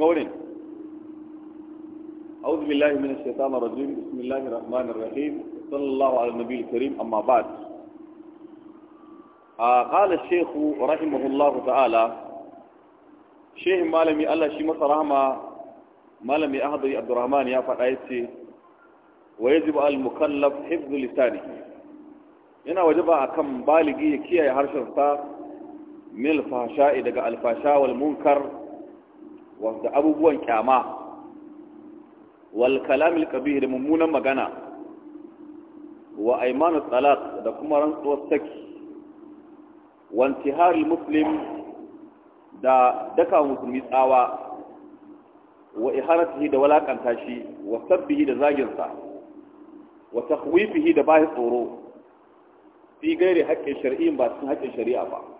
kun أعوذ بالله من الشيطان الرجيم بسم الله الرحمن الرحيم صلى الله على النبي الكريم أما بعد آه قال الشيخ رحمه الله تعالى شيخ مالمي الله شي مصر رحمه مالمي أهضي عبد الرحمن يا فقايتي ويجب على المكلف حفظ لسانه هنا wajaba أكم بالغي ya kiyaye harshensa من fahsha'i daga alfasha والمنكر wanda abubuwan kyama walkalamil kalamil da mummunan magana wa aymanu salat da kuma rantsuwar saki wa intiharil muslim da daka musulmi tsawa wa iharatihi da walakanta shi wa sabbihi da zaginsa wa takhwifihi da bahi tsoro fi gairi haƙƙin shari'in ba cikin haƙƙin shari'a ba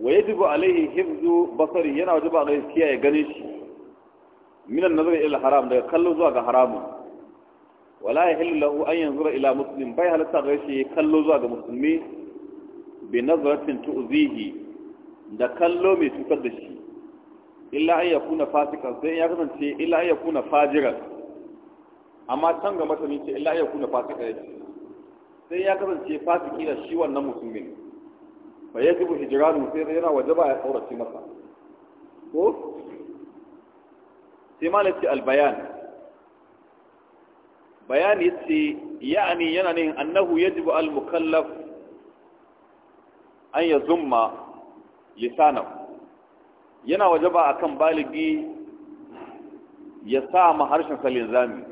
wa yajibu alaihi hifzu basari yana wajaba ga ya gane shi minan nazari ila haram daga kallo zuwa ga haramun wala yahillu lahu an yanzura ila muslim bai halatta ga shi kallo zuwa ga musulmi bi nazratin tu'zihi da kallo mai cutar da shi illa an yakuna fasikan sai ya kasance illa an yakuna fajiran amma can ga matanin ce illa an yakuna fasikan sai ya kasance fasiki da shi wannan musulmin فيجب هجران hijranu sai yana wajaba ya kaurace masa ko sai malaki albayan bayani yace ya'ani yana ne annahu yajibu al-mukallaf an yana wajaba akan baligi ya sa ma harshen sa linzami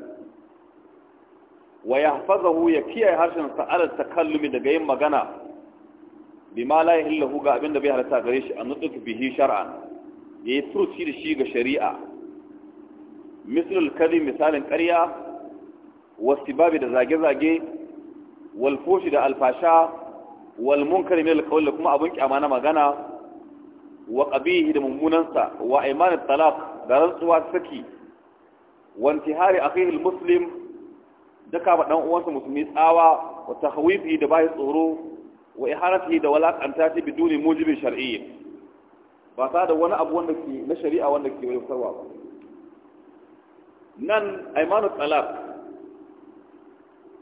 wa ya kiyaye harshen sa takallumi daga yin magana bima la yahillahu ga abin da bai halatta gare shi an nutuk bihi shar'an yayi furuci da shi ga shari'a mislul kadhib misalin ƙarya wasibabi da zage-zage wal fushi da alfasha wal munkari min alqawl kuma abun kyama na magana wa qabihi da mummunansa wa iman talaq da rantsuwa saki wa intihari akhihi almuslim da ka ba dan uwansa musulmi tsawa wa tahwifi da bai tsoro wa iharatihi da walakanta ta biduni mujibin shar'iyyi ba ta da wani abu wanda ke na shari'a wanda ke wani sarwa ba nan aymanu talaq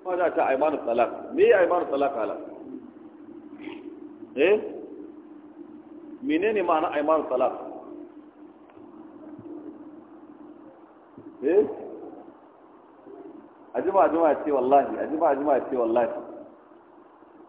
ma da ta aymanu talaq me ya aymanu talaq ala eh menene ma'ana aymanu talaq eh ajima ajima ce wallahi ajima ajima ce wallahi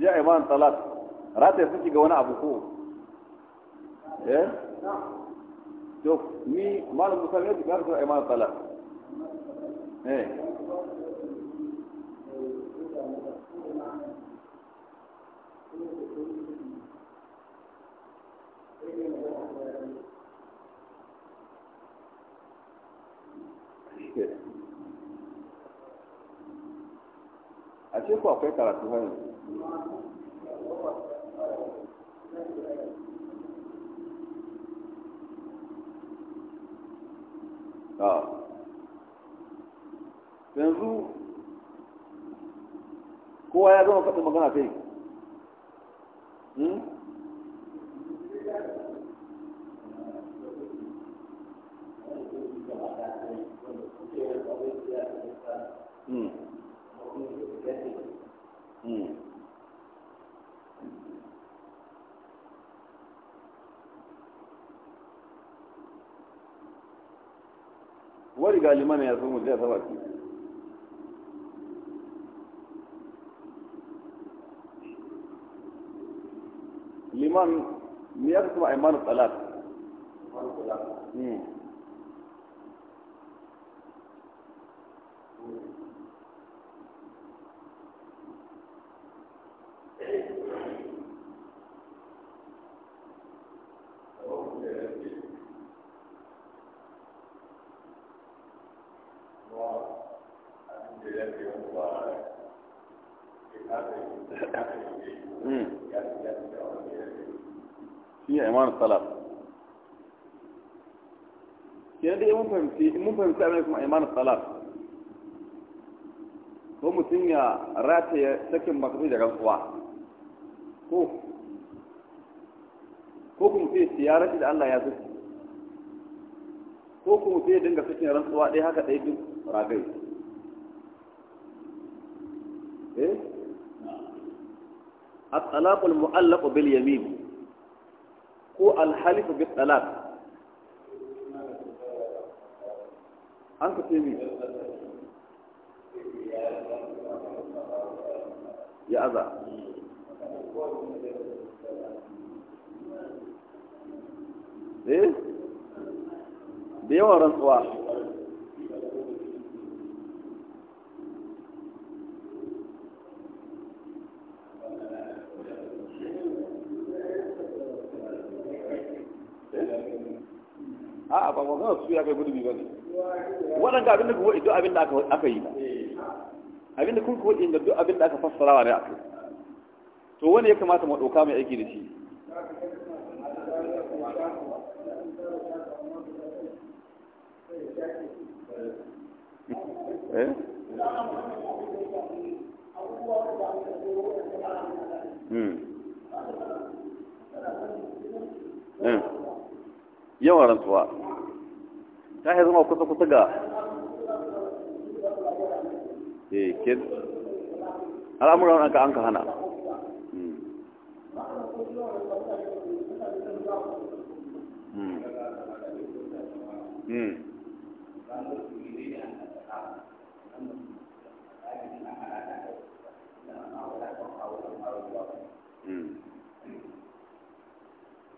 ya a iman talat rata suke ga wani abu ko eh to ni malam musa ne ya ga iman talat eh ashe ku akwai karatu har yanzu ah. yanzu kowa ya zama faɗin magana ta yi من يصوم الليل الراتب لمن يقطع ايمان الصلاه ya fahimci kuma imanin salat ko mutum ya rataye sakin makafi da rantsuwa ko ko kuma sai tiyarar da Allah ya zuci ko kuma sai dinga sakin rantsuwa ɗaya haka ɗaya duk ragai eh at-talaqul mu'allaq bil yamin ko al-halif bil talaq an ka ce mi ya aza eh da yawan rantsuwa eh? a'a ba ba su ya kai gudu ba ne waɗanda abin da kuwa ido abin da aka yi abin da kun kuwa inda duk abin da aka wa ne aka to wani ya kamata mu ɗauka mai aiki da shi eh? Hmm. Eh. yawan rantuwa ta yi zama kusa kusa ga eh, ke al'amuran an ka an ka hana hmm. Hmm. Hmm.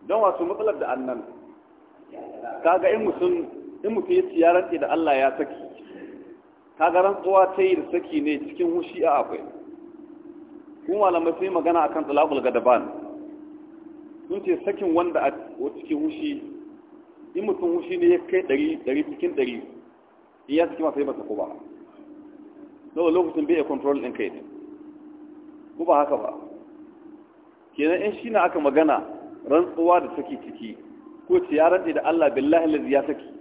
don wasu matsalar da annan kaga in mutum in mutum ya ci ya rantse da Allah ya saki kaga rantsuwa ta yi da saki ne cikin hushi a akwai kuma malamai sun yi magana akan talaqul gadaban sun ce sakin wanda a cikin hushi in mutum hushi ne ya kai ɗari ɗari cikin ɗari in ya saki masa yi masa ko ba lokacin bai ya control ɗin kai ko ba haka ba kenan in shi na aka magana rantsuwa da saki ciki ko ce ya rantse da Allah billahi lazi ya saki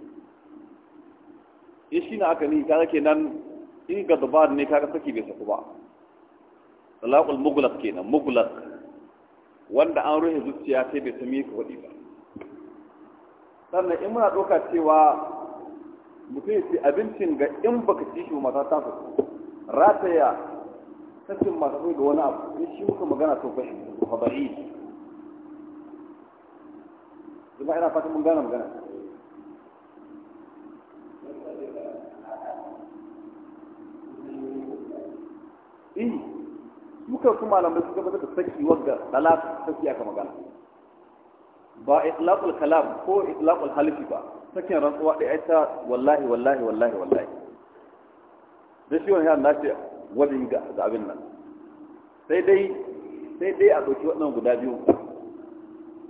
in eh, shi na aka ni ka zake nan in ga gadbar ne kaga saki bai saku ba talaqul muglaq kenan muglaq wanda an ruhe zuciya sai bai sami ka wadi ba sannan in muna doka cewa mutum sai abincin ga in baka ci shi mata ta su rataya sassin mata ga wani abu in shi muka magana to shi ko habari ba ina fatan mun gane magana duka su malamai su gaba da saki wagga talat saki aka magana ba itlaqul kalam ko itlaqul halifi ba sakin rantsuwa dai ai ta wallahi wallahi wallahi wallahi da shi wannan na ce wajen ga abin nan sai dai sai dai a dauki wannan guda biyu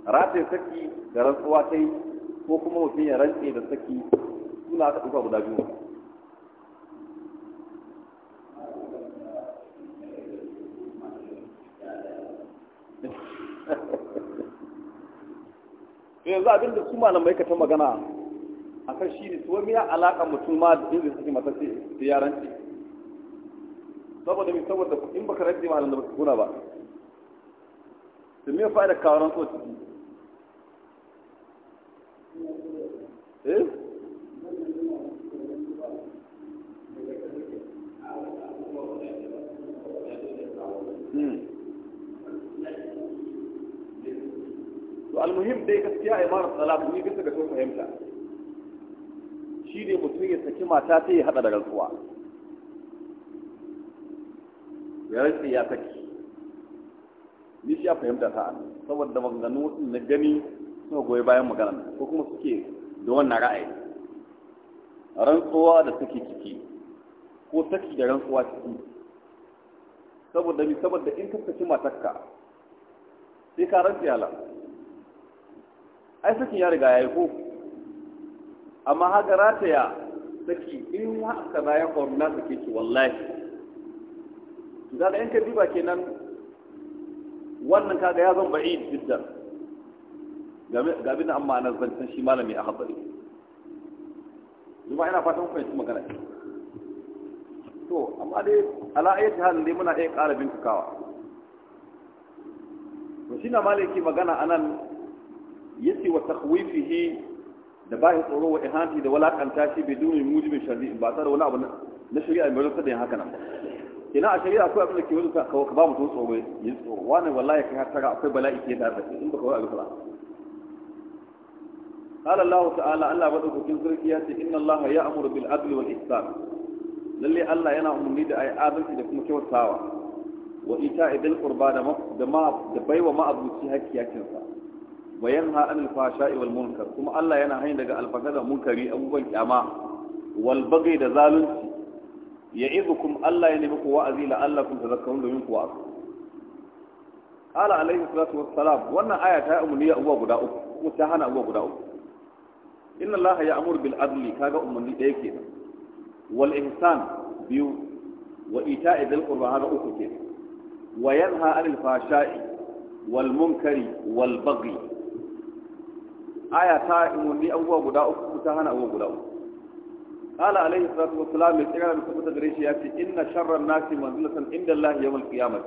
rafe saki da rantsuwa kai ko kuma mutum ya rantse da saki suna ka dauka guda biyu yanzu abin da su malamai ka ta magana a kan shi ne tuwa miya alaƙa mutum ma da inda suke mata ce da yaran ce saboda mai saboda in baka rage malam da baka kuna ba domin me fa'ida kawaran so ciki eh? Hmm. almuhim dai gaskiya a imar salat ni bisa ga sun fahimta shi ne mutum ya saki mata ta yi hada da rantsuwa ya rantsi ya saki ni shi ya fahimta ta saboda maganganun wasu na gani suna goyi bayan magana ko kuma suke da wannan ra'ayi rantsuwa da suke ciki ko saki da rantsuwa ciki saboda ni saboda in ka saki matarka sai ka rantsi halal ai sakin ya riga ya yi ko amma haka rataya saki in haka na ya faru na sake ki wallahi kaga in ka diba kenan wannan kaga ya zan ba'i fidda. ga abin da amma na zan san shi malami a haɓari zuma ina fatan fahimci magana to amma dai ala'ayyar halin dai muna iya ƙara bincikawa to shi na malaki magana anan Yasi wa takhwifihi da ba ya tsoro wa ihanti da walakanta shi biduni mujibin shar'i ba tare wani abu na shari'a mai rubuta da haka nan ina a shari'a akwai abin da ke wajen ka ka ba mutum tsoro ya tsoro wani wallahi kai har tara akwai bala'i ke da zaki in baka wai abu ba قال الله تعالى الله بدك كن سرقياتي إن الله يأمر بالعدل والإحسان للي الله ينعم من أي آدم إذا كنت كيوت ساوى وإيتاء ذي القربى دما دبي وما أبو سيها كياكنسا wa yanha anil fahsha'i wal munkar kuma Allah yana hanyar daga alfaka da munkari abubuwan kyama wal baghi da zalunci ya'idukum Allah ya nemi ku wa'azi la'allakum tadhakkarun domin ku wa'azi qala alayhi salatu wassalam wannan aya ta umuni abuwa guda uku kuma ta hana abuwa guda uku inna Allah ya'muru bil adli kaga umarni da yake wal ihsan biyu wa ita'i dhil qurba hada uku ke wa yanha anil fahsha'i wal munkari wal baghi aya ta imurni abubuwa guda uku kusa hana abubuwa guda uku qala alayhi salatu wa salam yaga da kuma tagare shi yace inna sharra an-nasi manzilatan inda Allah yawm al-qiyamah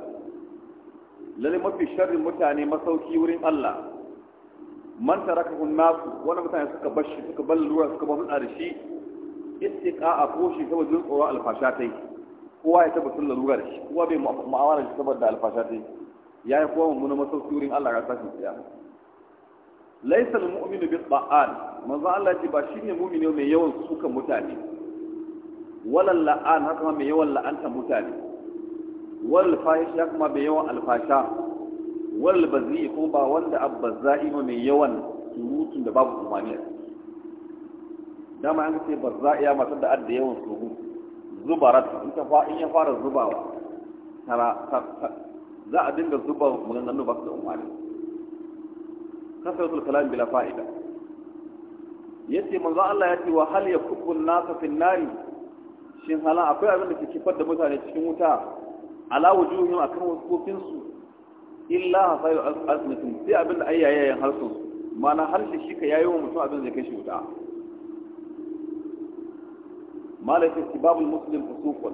lalle mafi sharri mutane masauki wurin Allah man taraka an-nasu wannan mutane suka bashi suka ballura suka ba mutane shi istiqa a koshi saboda jin tsoro al kowa ya tabbatar da lura da shi kowa bai mu'amala saboda al-fashatai yayi kowa mun masauki wurin Allah ga sashin kiyama laisa al-mu'minu bi ta'an manzo Allah ce ba shine mu'mini mai yawan sukan mutane wala la'an haka ma mai yawan la'anta mutane wal fahish haka ma mai yawan alfasha wal bazi ko ba wanda abbaza'i ma mai yawan surutun da babu umaniya dama an ce bazza'iya matar da adda yawan suru zubarat in ta in ya fara zubawa tara za a dinga zuba maganganu ba su da umaniya kasratul kalam bila fa'ida yace manzo Allah ya ce wa hal yakubbu an-nasa fi an-nari shin hala akwai abin da ke fadda mutane cikin wuta ala wujuhihim akan wasofin su illa hasayu azmatin sai abin da ayyayayen harsun mana harshe shi ka yayo mutum abin da kai shi wuta malaka sibabul muslim فسوقا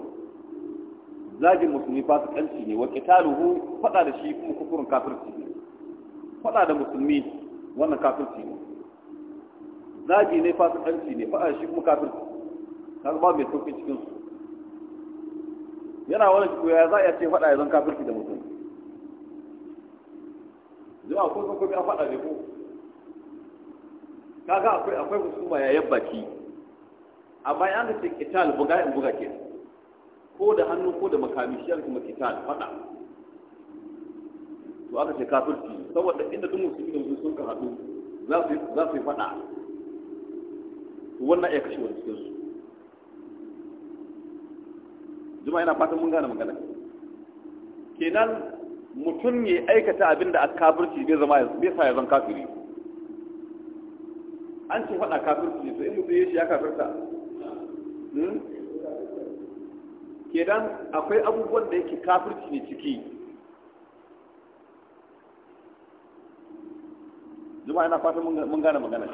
zaji muslimi fasikanci ne wa qitaluhu fada da shi kuma kufurin kafirci ne faɗa da musulmi wannan kafirci ne zagi ne fasikanci ne faɗa shi kuma kafirci ta zama mai sauƙi cikin su yana wani ko ya za a ce faɗa ya zan kafirci da musulmi zuwa ko sun kuma faɗa ne ko kaga akwai akwai musulma ya yabba ki amma ya ga ce kital buga in buga ke ko da hannu ko da makami shi kuma kital faɗa to aka ce kafirci saboda inda duk musulmi da musulmi sun ka haɗu za su yi faɗa wannan ya kashe wani cikinsu juma yana fatan mun gane magana kenan mutum ya aikata abin da kafirci bai zama bai sa ya zan kafiri an ce faɗa kafirci ne to in mutum ya shi ya kafirta hmm? kenan akwai abubuwan da yake kafirci ne ciki jama'a ina fata mun gane magana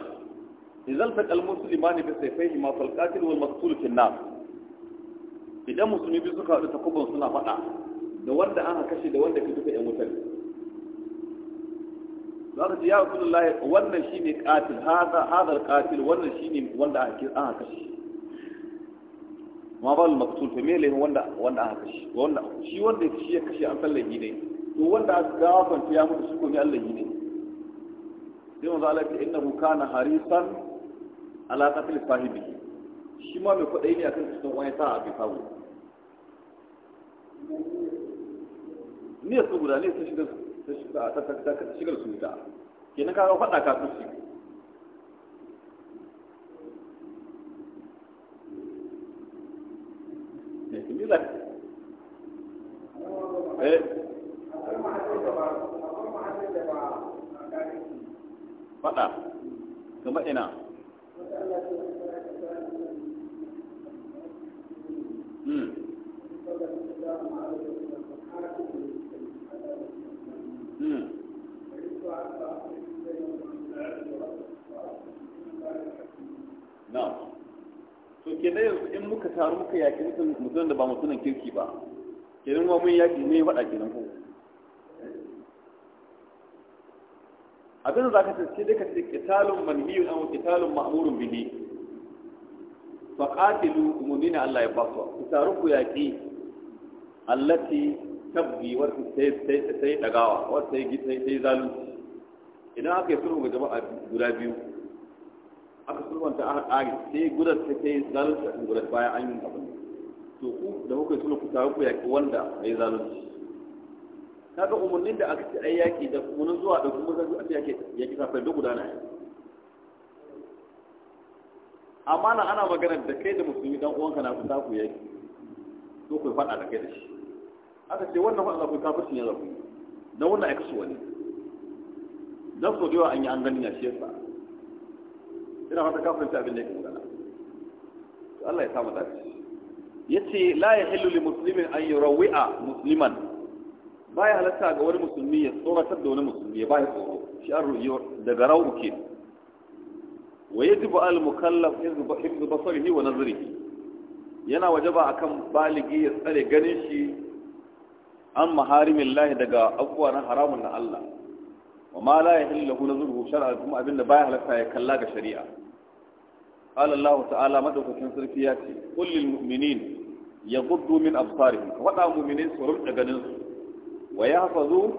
idan ta kalmun sulimani bi sayfaihi ma fal qatil wal maqtul fi nar idan musulmi bi suka haɗu takuban suna faɗa da wanda aka kashe da wanda ke duka yan wutar za ka ce ya rasulullahi wannan shine qatil hada hadal qatil wannan shine wanda aka aka kashe ma ba al maqtul fa me wanda wanda aka kashe wanda shi wanda shi ya kashe an sallahi ne to wanda aka gafanta ya mutu shi ko me Allah ne sai manzo Allah ya innahu na harisan ala qatl sahibi shi ma mai kwadai ne a kan cikin wani sa a bi samu ne su guda ne su shiga su shiga ta shigar su ta ke na kawo faɗa kafin su shiga wannan kirki ba kenan wa mun yaƙi ne faɗa kenan ko abin da za ka sai ka ce kitalun manhiyun an kitalun ma'murun bihi fa qatilu mu'minina Allah ya ba ku taru ku yaƙi allati tabbi wa sai sai sai dagawa wa sai gi sai sai zalunci idan aka yi sulhu ga jama'a guda biyu aka sulhunta aka ƙare sai gudar sai sai zalunci a gudan bayan an yi abin to ku da kuka suna ku taru ku yaƙi wanda mai zalunci kaga umarnin da aka ce ai yaƙi da kuma zuwa da kuma zai aka yaƙi yaƙi safai duk gudana ne amma na ana magana da kai da musulmi dan uwanka na ku ku yaƙi to ku fada da kai da shi aka ce wannan faɗa ku kafirci ne zaku dan wannan ai su wani dan so da an yi an gani ya shi yasa ina fata kafirci abin da yake magana na. Allah ya samu dace yace la ya yahillu li muslimin an yurawi'a musliman baya halatta ga wani musulmi ya tsoratar da wani musulmi ya bai tsoro shi an ruyo daga rawu ke wa yajibu al mukallaf hifzu basarihi wa nazrihi yana wajaba akan baligi ya tsare ganin shi an maharimin lahi daga abubuwa na haramun na Allah wa ma la yahillu lahu nazruhu shar'a kuma abinda baya halatta ya kalla ga shari'a قال الله تعالى مدوك كنسر فياتي قل للمؤمنين ya guddu min absarihim ka faɗa mu'minin su rubuta ganin su wa yahfazu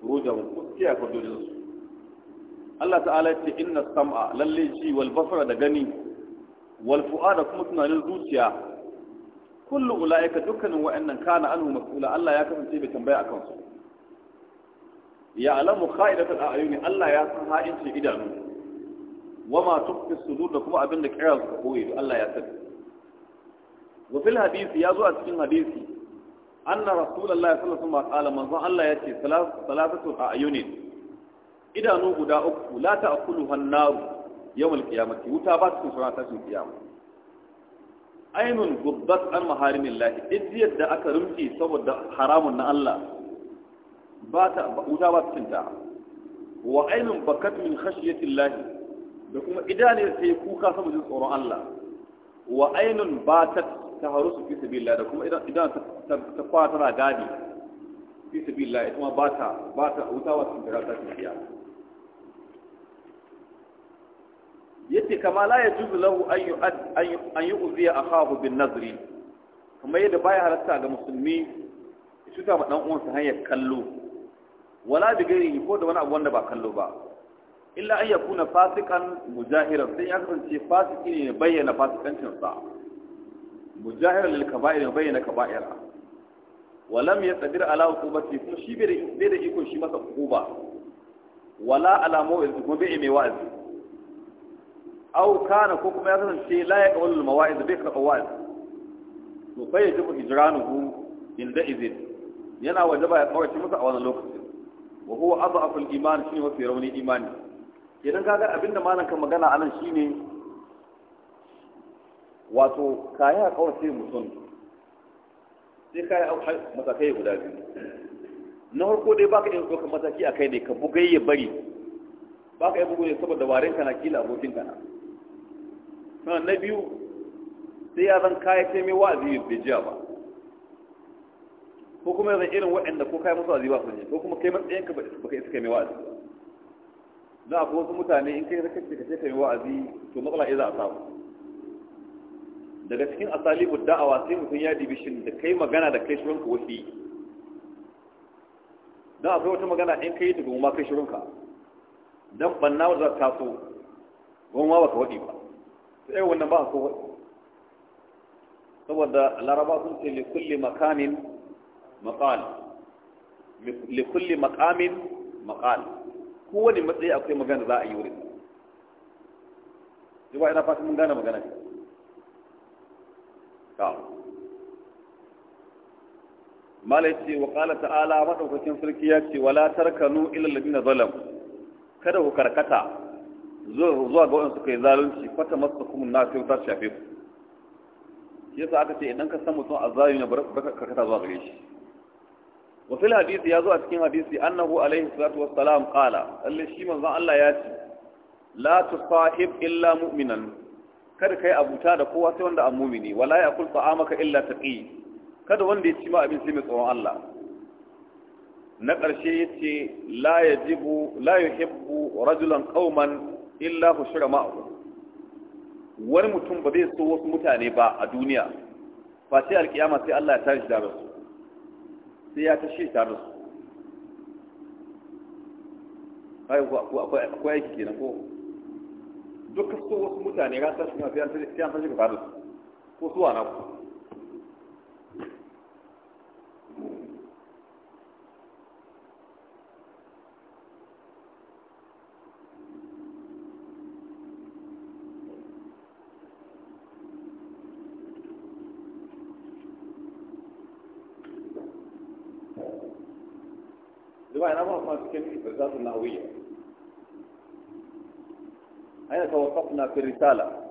furujahum ku kiyaye furujin su Allah ta'ala ya ce inna sam'a lalle ji wal basara da gani wal fu'a da kuma tunanin zuciya kullu ulaika dukkanin wa'annan kana anhu mas'ula Allah ya kasance bai tambaya akan su ya alamu kha'idatul a'yuni Allah ya san ha'inci idanu wama tukfi sudur da kuma abin da kira su koyi Allah ya sani wa fil hadisi ya zo a cikin hadisi anna rasulullahi sallallahu alaihi wasallam qala manzo Allah yace salatu a ayunin idanu guda uku la ta'kuluha an-nar yawm al wuta ba su tsara ta kiyama ainun gubbat an maharimillahi idiyar da aka rumfi saboda haramun na Allah wuta ba su cinta wa ainun bakat min khashiyatillahi da kuma idaniyar sai kuka saboda tsoron Allah wa ainun taharusu fi sabilillah da kuma idan ta kwa tana gadi fi Allah ita ma ba ta ba ta wuta wa cikin ta fi siya yace kama la yajuzu lahu an yi an a akahu bin nazari. kuma yadda baya halatta ga musulmi ya cuta ma ɗan'uwansa hanyar kallo wala gari yi ko da wani abu wanda ba kallo ba illa an yakuna fasikan mujahiran sai ya kasance fasiki ne bayyana fasikancinsa mujahir lil kaba'ir bayyana kaba'ira walam yaqdir ala uqubati kuma shi bai da iko shi masa uquba wala ala mau'iz kuma bai mai wa'azi aw kana ko kuma ya kasance la yaqbalu al mawa'iz bai karɓa wa'iz to fa yajibu hijranuhu inda izin yana wajaba ya kawace masa a wannan lokaci. wa huwa adhafu al iman shine mafi rauni imani idan kaga abinda malam ka magana anan shine wato kayi a kawar sai mutum sai kayi a matakai guda biyu na harko dai baka yin tsokan mataki a kai ne ka bugai ya bari baka yi bugu ne saboda warin kana kila abokin kana na na biyu sai ya zan kayi sai mai wa'azi bai jiya ba ko kuma yanzu irin waɗanda ko kaya musu wa'azi ba su ne ko kuma kai matsayin ka baka isa kai mai wa'azi ba don akwai wasu mutane in kai zaka ce ka ce kai wa'azi to matsala iya za a samu daga cikin asali budda da'awa sai mutum ya dibi shi da kai magana da kai shirinka yi. don akwai wata magana in kai ta goma kai shirinka don banna wadda ta taso goma ba ka waɗi ba sai wannan ba a kowai saboda laraba sun ce le kulli makamin maqal li kulli maqamin maqal kowane matsayi akwai magana za a yi wurin ba ina fata mun gane magana ne malai ce wa ƙala ta'ala maɗaukakin sarki ya ce wala tarkanu ilal ladina zalam kada ku karkata zuwa ga waɗanda suka yi zalunci fata masu kuma na sai ta shafe ku yasa aka ce idan ka san mutum a zayu ne bar karkata zuwa gare shi wa fil hadisi ya zo a cikin hadisi annahu alaihi salatu wassalam qala lalle shi manzon Allah ya ce la tusahib illa mu'minan kada kai abuta da kowa sai wanda an mumini wala ya kul ta'amaka illa taqi kada wanda ya ci ma abin sai mai tsawon Allah na ƙarshe yace la yajibu la yuhibbu rajulan qauman illa hushira ma'ahu wani mutum ba zai so wasu mutane ba a duniya ba sai alkiyama sai Allah ya tashi tare su sai ya tashi tare su akwai aiki kenan ko duk kaso wasu mutane ran tashi na fiyan tashi fiyan tashi ka ko suwa na ku Jama'a ina ba su cikin أين توقفنا في الرسالة